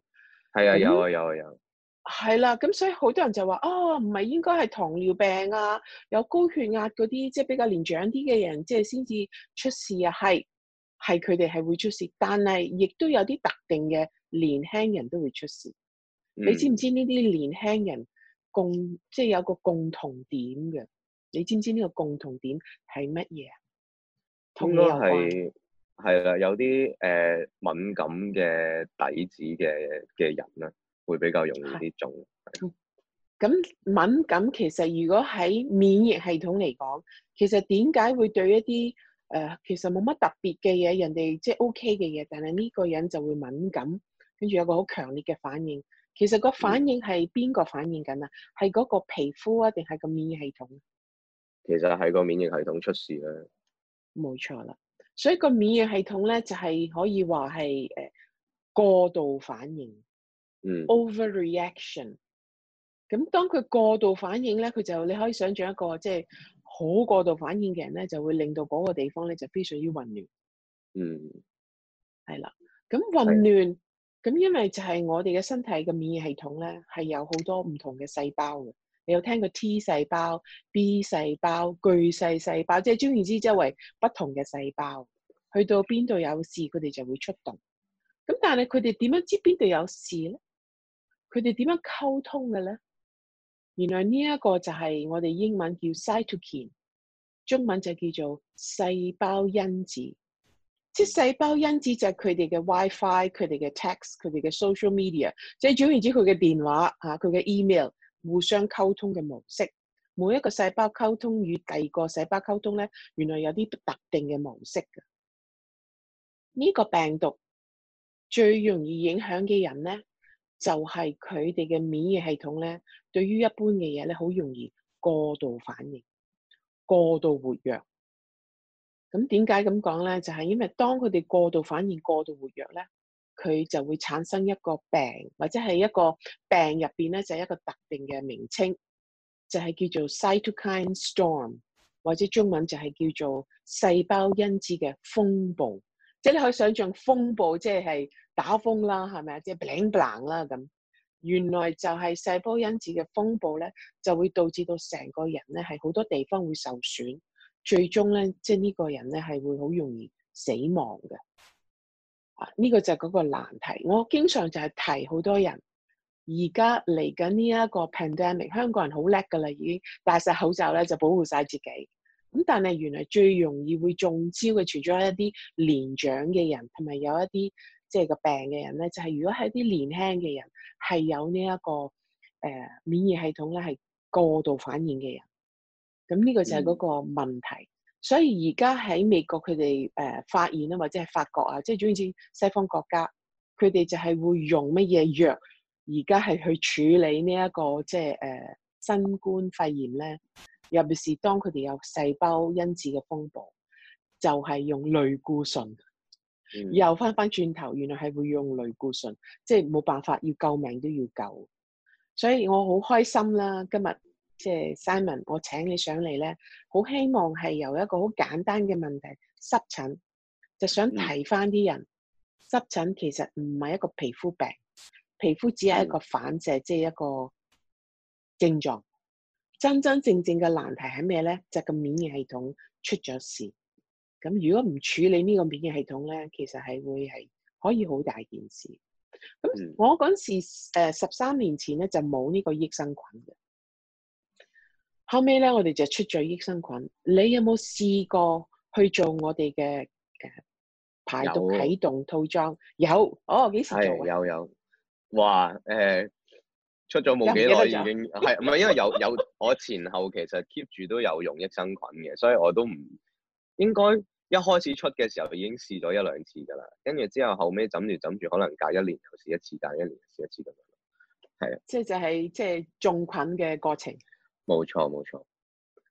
係啊，有啊，有啊，有。係啦，咁 所以好多人就話啊，唔、哦、唔係應該係糖尿病啊，有高血壓嗰啲，即係比較年長啲嘅人，即係先至出事啊。係，係佢哋係會出事，但係亦都有啲特定嘅年輕人都會出事。嗯、你知唔知呢啲年輕人共即係有個共同點嘅？你知唔知呢個共同點係乜嘢啊？應該係。 係啦，有啲誒、呃、敏感嘅底子嘅嘅人咧，會比較容易啲中。咁的的、嗯、敏感其實如果喺免疫系統嚟講，其實點解會對一啲誒、呃、其實冇乜特別嘅嘢，人哋即係 O K 嘅嘢，但係呢個人就會敏感，跟住有個好強烈嘅反應。其實個反應係邊個反應緊啊？係嗰、嗯、個皮膚啊，定係個免疫系統？其實係個免疫系統出事咧，冇錯啦。所以個免疫系統咧就係可以話係誒過度反應，overreaction。嗯，咁當佢過度反應咧，佢就你可以想像一個即係好過度反應嘅人咧，就會令到嗰個地方咧就非常之混亂。嗯，係啦。咁混亂，咁因為就係我哋嘅身體嘅免疫系統咧係有好多唔同嘅細胞嘅。你有聽過 T 細胞、B 細胞、巨細細胞，即係總言之，周係不同嘅細胞。去到邊度有事，佢哋就會出動。咁但係佢哋點樣知邊度有事咧？佢哋點樣溝通嘅咧？原來呢一個就係我哋英文叫 c y t o k、ok、i n，中文就叫做細胞因子。即係細胞因子就係佢哋嘅 WiFi，佢哋嘅 text，佢哋嘅 social media，即係總言之，佢嘅電話吓，佢嘅 email。互相溝通嘅模式，每一個細胞溝通與第二個細胞溝通咧，原來有啲特定嘅模式嘅。呢、這個病毒最容易影響嘅人咧，就係佢哋嘅免疫系統咧，對於一般嘅嘢咧，好容易過度反應、過度活躍。咁點解咁講咧？就係、是、因為當佢哋過度反應、過度活躍咧。佢就會產生一個病，或者係一個病入邊咧，就係一個特定嘅名稱，就係叫做 cytokine storm，或者中文就係叫做細胞因子嘅風暴。即係你可以想象風暴，即係打風啦，係咪？即係 bling bling 啦咁。原來就係細胞因子嘅風暴咧，就會導致到成個人咧係好多地方會受損，最終咧即係呢個人咧係會好容易死亡嘅。呢、啊這個就係嗰個難題。我經常就係提好多人，而家嚟緊呢一個 pandemic，香港人好叻㗎啦，已經戴晒口罩咧就保護晒自己。咁但係原來最容易會中招嘅，除咗一啲年長嘅人，同埋有一啲即係個病嘅人咧？就係、是、如果係啲年輕嘅人係有呢、這、一個誒、呃、免疫系統咧係過度反應嘅人，咁、這、呢個就係嗰個問題。嗯所以而家喺美國佢哋誒發現啊，或者係法國啊，即係總之西方國家，佢哋就係會用乜嘢藥而家係去處理呢、這、一個即係誒、呃、新冠肺炎咧，尤其是當佢哋有細胞因子嘅風暴，就係、是、用類固醇。嗯、又翻翻轉頭，原來係會用類固醇，即係冇辦法要救命都要救，所以我好開心啦今日。即係 Simon，我請你上嚟咧，好希望係由一個好簡單嘅問題濕疹，就想提翻啲人，嗯、濕疹其實唔係一個皮膚病，皮膚只係一個反射，嗯、即係一個症狀。真真正正嘅難題係咩咧？就係、免係個免疫系統出咗事。咁如果唔處理呢個免疫系統咧，其實係會係可以好大件事。咁我嗰時誒十三年前咧就冇呢個益生菌嘅。後尾咧，我哋就出咗益生菌。你有冇試過去做我哋嘅，誒排毒啟有動套裝？有，哦，幾時做？有有，哇！誒、呃，出咗冇幾耐已經係唔係？因為有有，我前後其實 keep 住都有用益生菌嘅，所以我都唔應該一開始出嘅時候已經試咗一兩次噶啦。跟住之後後尾枕住枕住，可能隔一年又試一次，隔一年試一次咁樣。係啊，即係就係即係種菌嘅過程。冇錯冇錯，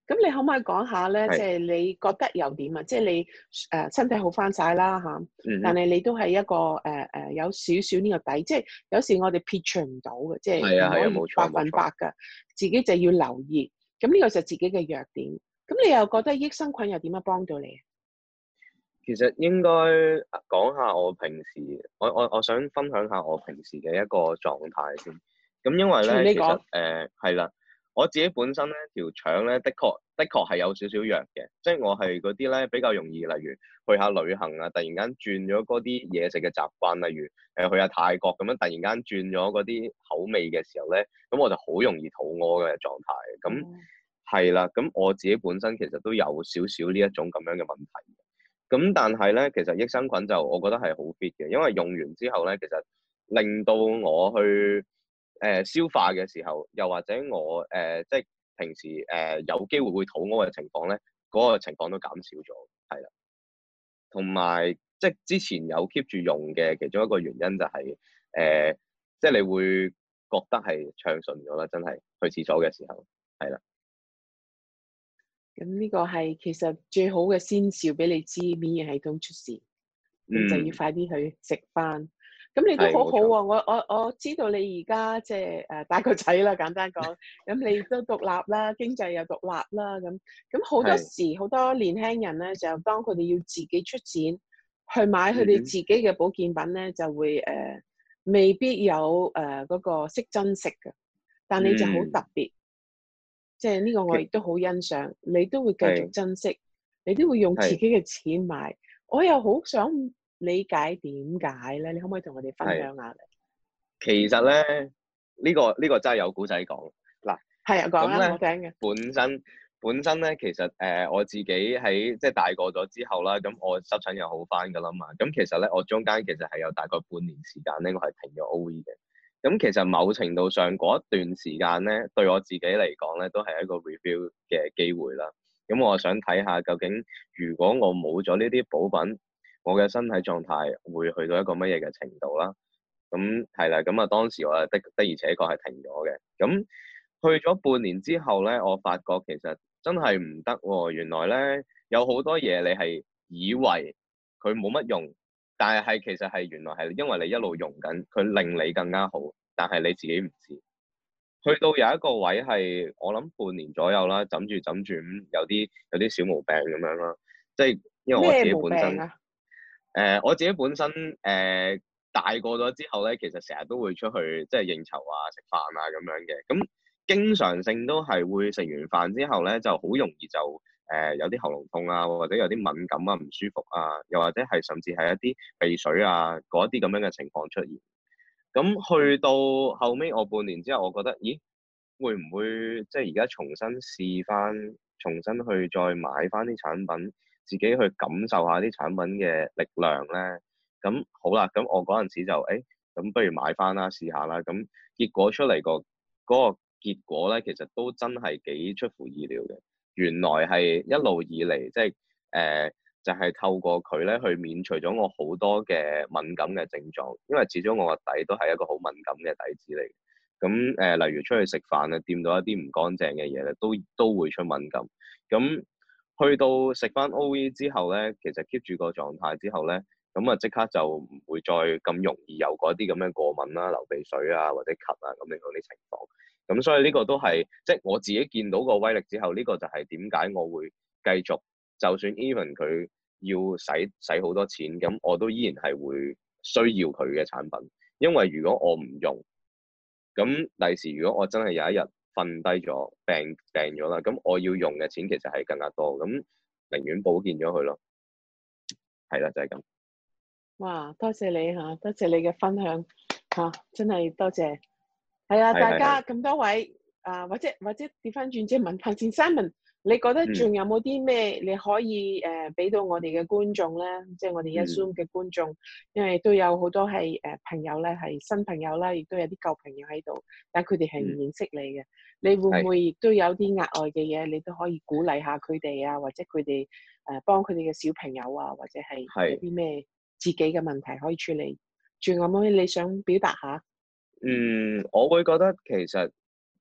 咁你可唔可以講下咧？即係是你覺得又點啊？即、就、係、是、你誒、呃、身體好返晒啦嚇，但係你都係一個誒誒、呃呃、有少少呢個底，即、就、係、是、有時我哋撇除唔到嘅，即係唔係百分百嘅，自己就要留意。咁呢個就係自己嘅弱點。咁你又覺得益生菌又點樣幫到你啊？其實應該講下我平時，我我我想分享下我平時嘅一個狀態先。咁因為咧，你其實誒係啦。呃我自己本身咧條腸咧的確的確係有少少弱嘅，即係我係嗰啲咧比較容易，例如去下旅行啊，突然間轉咗嗰啲嘢食嘅習慣，例如誒去下泰國咁樣，突然間轉咗嗰啲口味嘅時候咧，咁我就好容易肚屙嘅狀態。咁係啦，咁、嗯、我自己本身其實都有少少呢一種咁樣嘅問題。咁但係咧，其實益生菌就我覺得係好 fit 嘅，因為用完之後咧，其實令到我去。誒、呃、消化嘅時候，又或者我誒、呃、即係平時誒、呃、有機會會肚屙嘅情況咧，嗰、那個情況都減少咗，係啦。同埋即係之前有 keep 住用嘅，其中一個原因就係、是、誒、呃，即係你會覺得係暢順咗啦，真係去廁所嘅時候，係啦。咁呢個係其實最好嘅先兆俾你知免疫系統出事，你就要快啲去食翻。咁 你都好好喎錯，我我我知道你而家即係誒帶個仔啦，大個仔，簡單講，咁 你都獨立啦，經濟又獨立啦，咁咁好多時好是多年輕人咧就當佢哋要自己出錢去買佢哋自己嘅保健品咧，就會誒、呃、未必有誒嗰、呃嗰個識珍惜嘅，但你就好特別，即係呢個我亦都好欣賞，你都會繼續珍惜，是你都會用自己嘅錢買，是 我又好想理解點解咧？你可唔可以同我哋分享下？其實咧，呢個呢個真係有古仔講。嗱，係啊，講下我聽嘅。本身本身咧，其實誒、呃、我自己喺即係大個咗之後啦，咁我濕疹又好翻噶啦嘛。咁其實咧，我中間其實係有大概半年時間咧，我係停咗 O V 嘅。咁其實某程度上嗰一段時間咧，對我自己嚟講咧，都係一個 review 嘅機會啦。咁我想睇下究竟，如果我冇咗呢啲補品。我嘅身體狀態會去到一個乜嘢嘅程度啦？咁係啦，咁啊當時我啊的的，的而且確係停咗嘅。咁去咗半年之後咧，我發覺其實真係唔得喎。原來咧，有好多嘢你係以為佢冇乜用，但係其實係原來係因為你一路用緊佢令你更加好，但係你自己唔知。去到有一個位係我諗半年左右啦，枕住枕住咁有啲有啲小毛病咁樣啦，即係因為我自己本身、啊。誒、呃、我自己本身誒、呃、大個咗之後咧，其實成日都會出去即係應酬啊、食飯啊咁樣嘅，咁經常性都係會食完飯之後咧，就好容易就誒、呃、有啲喉嚨痛啊，或者有啲敏感啊、唔舒服啊，又或者係甚至係一啲鼻水啊嗰啲咁樣嘅情況出現。咁去到後尾我半年之後，我覺得咦，會唔會即係而家重新試翻，重新去再買翻啲產品？自己去感受下啲產品嘅力量咧，咁好啦，咁我嗰陣時就，誒、哎，咁不如買翻啦，試下啦，咁結果出嚟個嗰個結果咧，其實都真係幾出乎意料嘅，原來係一路以嚟，即係誒，就係、係呃就係、透過佢咧去免除咗我好多嘅敏感嘅症狀，因為始終我個底都係一個好敏感嘅底子嚟，咁誒、呃，例如出去食飯咧，掂到一啲唔乾淨嘅嘢咧，都都會出敏感，咁。去到食翻 O.E. 之後咧，其實 keep 住個狀態之後咧，咁啊即刻就唔會再咁容易有嗰啲咁樣過敏啦、啊、流鼻水啊或者咳啊咁樣嗰啲情況。咁所以呢個都係即係我自己見到個威力之後，呢、呢個就係點解我會繼續，就算 even 佢要使使好多錢，咁我都依然係會需要佢嘅產品。因為如果我唔用，咁第時如果我真係有一日，瞓低咗，病病咗啦，咁我要用嘅錢其實係更加多，咁寧願保健咗佢咯，係啦，就係、是、咁。哇，多謝你嚇，多謝你嘅分享嚇、啊，真係多謝。係啊，的大家咁多的位啊，或者或者跌翻轉即係問翻先三問。你覺得仲有冇啲咩你可以誒俾、呃、到我哋嘅觀眾咧？即係我哋一 Zoom 嘅觀眾，嗯、因為都有好多係誒、呃、朋友咧，係新朋友啦，亦都有啲舊朋友喺度，但佢哋係唔認識你嘅。嗯、你會唔會亦都有啲額外嘅嘢，是你都可以鼓勵下佢哋啊，或者佢哋誒幫佢哋嘅小朋友啊，或者係有啲咩自己嘅問題可以處理？仲是有冇你想表達下？嗯，我會覺得其實。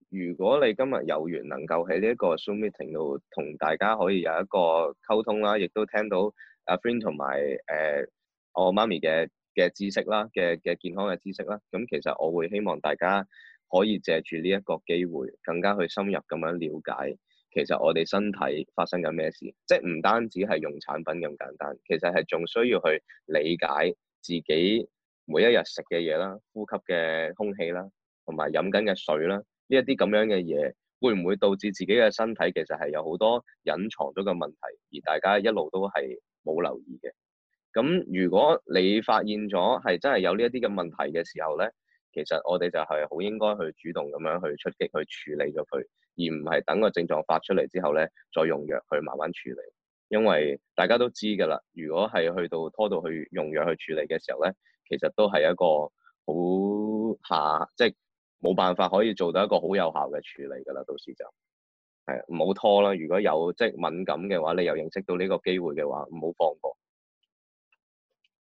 如果你今日有緣能夠喺呢一個 Zoom meeting 度同大家可以有一個溝通啦，亦都聽到阿 Friend 同埋誒、呃、我媽咪嘅嘅知識啦，嘅嘅健康嘅知識啦，咁其實我會希望大家可以借住呢一個機會，更加去深入咁樣了解其實我哋身體發生緊咩事，即係唔單止係用產品咁簡單，其實係仲需要去理解自己每一日食嘅嘢啦、呼吸嘅空氣啦、同埋飲緊嘅水啦。呢一啲咁樣嘅嘢，會唔會導致自己嘅身體其實係有好多隱藏咗嘅問題，而大家一路都係冇留意嘅。咁如果你發現咗係真係有呢一啲嘅問題嘅時候咧，其實我哋就係好應該去主動咁樣去出擊去處理咗佢，而唔係等個症狀發出嚟之後咧，再用藥去慢慢處理。因為大家都知㗎啦，如果係去到拖到去用藥去處理嘅時候咧，其實都係一個好下即係。就是冇辦法可以做到一個好有效嘅處理㗎啦，到時就係唔好拖啦。如果有即係、就是、敏感嘅話，你又認識到呢個機會嘅話，唔好放過。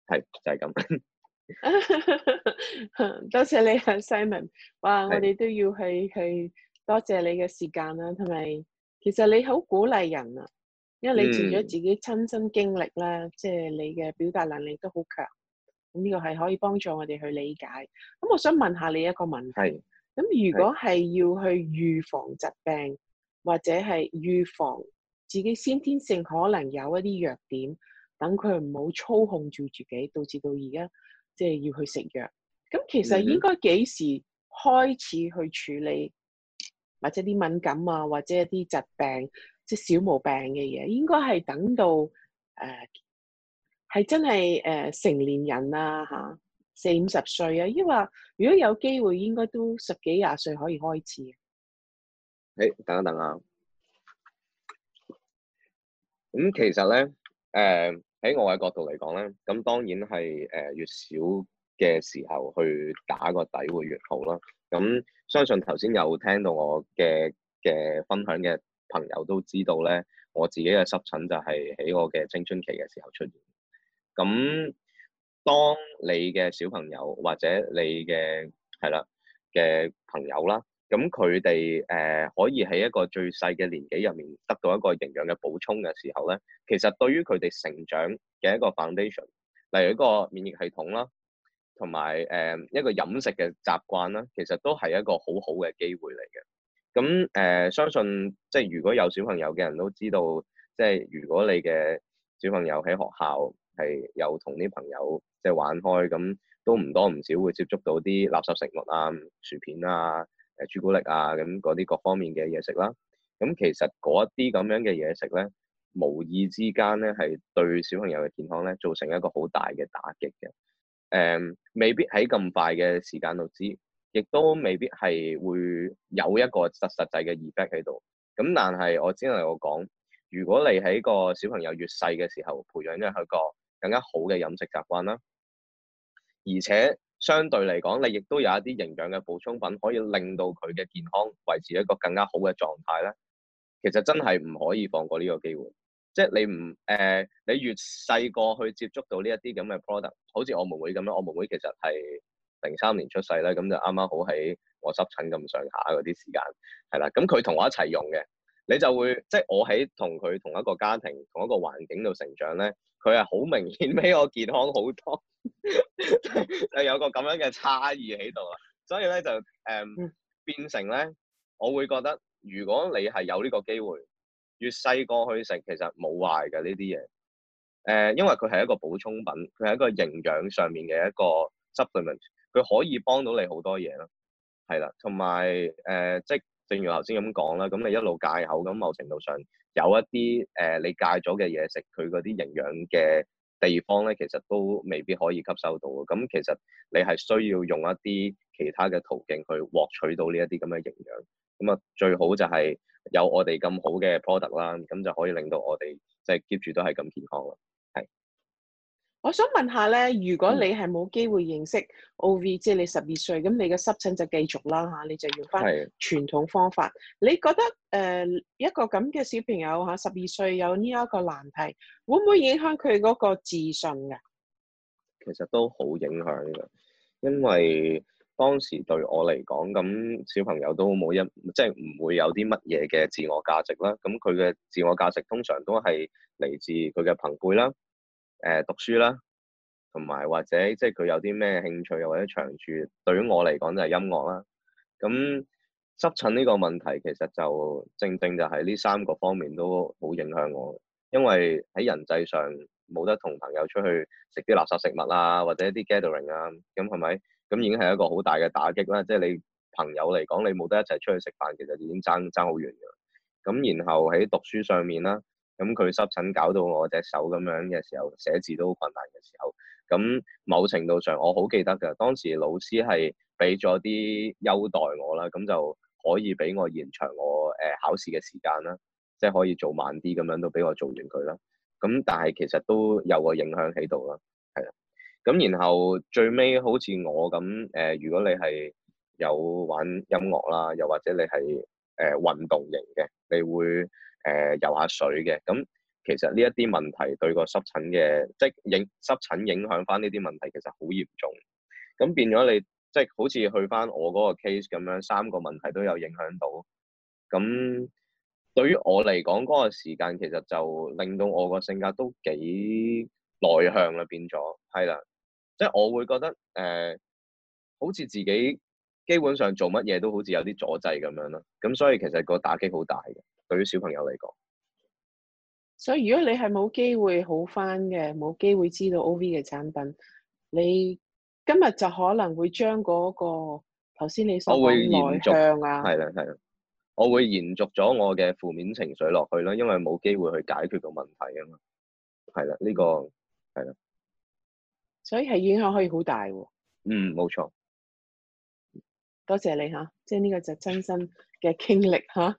係就係、是、咁。 多謝你啊，Simon。哇，我哋都要去的去多謝你嘅時間啦。同埋其實你好鼓勵人啊，因為你除咗自己親身經歷啦，即係、嗯、你嘅表達能力都好強。呢個係可以幫助我哋去理解。咁我想問下你一個問題。咁是如果係要去預防疾病，或者係預防自己先天性可能有一啲弱點，等佢唔好操控住自己，導致到而家即係要去食藥。咁其實應該幾時開始去處理，或者啲敏感啊，或者一啲疾病，即係小毛病嘅嘢，應該係等到誒。呃係真係誒、呃、成年人啦、啊、嚇、啊，四五十歲啊，因為如果有機會，應該都十幾廿歲可以開始、啊。誒、欸，等一等啊！咁、嗯、其實咧，誒、呃、喺我嘅角度嚟講咧，咁當然係誒、呃、越少嘅時候去打個底會越好啦。咁、嗯、相信頭先有聽到我嘅嘅分享嘅朋友都知道咧，我自己嘅濕疹就係喺我嘅青春期嘅時候出現。咁，當你嘅小朋友或者你嘅係啦嘅朋友啦，咁佢哋誒可以喺一個最細嘅年紀入面得到一個營養嘅補充嘅時候咧，其實對於佢哋成長嘅一個 foundation，例如一個免疫系統啦，同埋誒一個飲食嘅習慣啦，其實都係一個好好嘅機會嚟嘅。咁誒、呃，相信即係如果有小朋友嘅人都知道，即係如果你嘅小朋友喺學校，係有同啲朋友即係玩開，咁都唔多唔少會接觸到啲垃圾食物啊、薯片啊、誒朱古力啊，咁嗰啲各方面嘅嘢食啦、啊。咁其實嗰一啲咁樣嘅嘢食咧，無意之間咧係對小朋友嘅健康咧造成一個好大嘅打擊嘅。誒、嗯，未必喺咁快嘅時間度知，亦都未必係會有一個實實際嘅 effect 喺度。咁但係我只能我講，如果你喺個小朋友越細嘅時候培養咗佢個。更加好嘅飲食習慣啦，而且相對嚟講，你亦都有一啲營養嘅補充品，可以令到佢嘅健康維持一個更加好嘅狀態咧。其實真係唔可以放過呢個機會，即係你唔誒、呃，你越細個去接觸到呢一啲咁嘅 product，好似我妹妹咁樣，我妹妹其實係零三年出世咧，咁就啱啱好喺我濕疹咁上下嗰啲時間，係啦，咁佢同我一齊用嘅，你就會即係我喺同佢同一個家庭、同一個環境度成長咧。佢係好明顯俾我健康好多， 就有個咁樣嘅差異喺度啊，所以咧就誒、um, 變成咧，我會覺得如果你係有呢個機會，越細個去食其實冇壞嘅呢啲嘢誒，因為佢係一個補充品，佢係一個營養上面嘅一個 supplement，佢可以幫到你好多嘢咯，係啦，同埋誒即。正如頭先咁講啦，咁你一路戒口，咁某程度上有一啲誒、呃、你戒咗嘅嘢食，佢嗰啲營養嘅地方咧，其實都未必可以吸收到嘅。咁其實你係需要用一啲其他嘅途徑去獲取到呢一啲咁嘅營養。咁啊，最好就係有我哋咁好嘅 product 啦，咁就可以令到我哋即係 keep 住都係咁健康啦。我想問下咧，如果你係冇機會認識 OV，即係你十二歲，咁你嘅濕疹就繼續啦嚇，你就要返傳統方法。的你覺得誒、呃、一個咁嘅小朋友嚇，十二歲有呢一個難題，會唔會影響佢嗰個自信嘅？其實都好影響嘅，因為當時對我嚟講，咁小朋友都冇一即係唔會有啲乜嘢嘅自我價值啦。咁佢嘅自我價值通常都係嚟自佢嘅朋輩啦。誒讀書啦，同埋或者即係佢有啲咩興趣又或者長處，對於我嚟講就係音樂啦。咁濕疹呢個問題其實就正正就係呢三個方面都好影響我，因為喺人際上冇得同朋友出去食啲垃圾食物啊，或者啲 gathering 啊，咁係咪？咁已經係一個好大嘅打擊啦。即係你朋友嚟講，你冇得一齊出去食飯，其實已經爭爭好遠嘅。咁然後喺讀書上面啦。咁佢濕疹搞到我隻手咁樣嘅時候，寫字都好困難嘅時候，咁某程度上我好記得㗎。當時老師係俾咗啲優待我啦，咁就可以俾我延長我誒、呃、考試嘅時間啦，即係可以做慢啲，咁樣都俾我做完佢啦。咁但係其實都有個影響喺度啦，係啦。咁然後最尾好似我咁誒、呃，如果你係有玩音樂啦，又或者你係誒、呃、運動型嘅，你會。誒、呃、游下水嘅，咁、嗯、其實呢一啲問題對個濕疹嘅，即係影濕疹影響翻呢啲問題，其實好嚴重。咁、嗯、變咗你，即係好似去翻我嗰個 case 咁樣，三個問題都有影響到。咁、嗯、對於我嚟講，嗰、那個時間其實就令到我個性格都幾內向啦，變咗，係啦。即係我會覺得誒、呃，好似自己基本上做乜嘢都好似有啲阻滯咁樣啦。咁、嗯、所以其實個打擊好大嘅。對於小朋友嚟講，所以如果你係冇機會好翻嘅，冇機會知道 OV 嘅產品，你今日就可能會將嗰個頭先你所講內向啊，係啦係啦，我會延續咗我嘅負面情緒落去啦，因為冇機會去解決個問題啊嘛，係啦呢個係啦，所以係影響可以好大喎。嗯，冇錯，多謝你吓，即係呢個就係親身嘅經歷吓。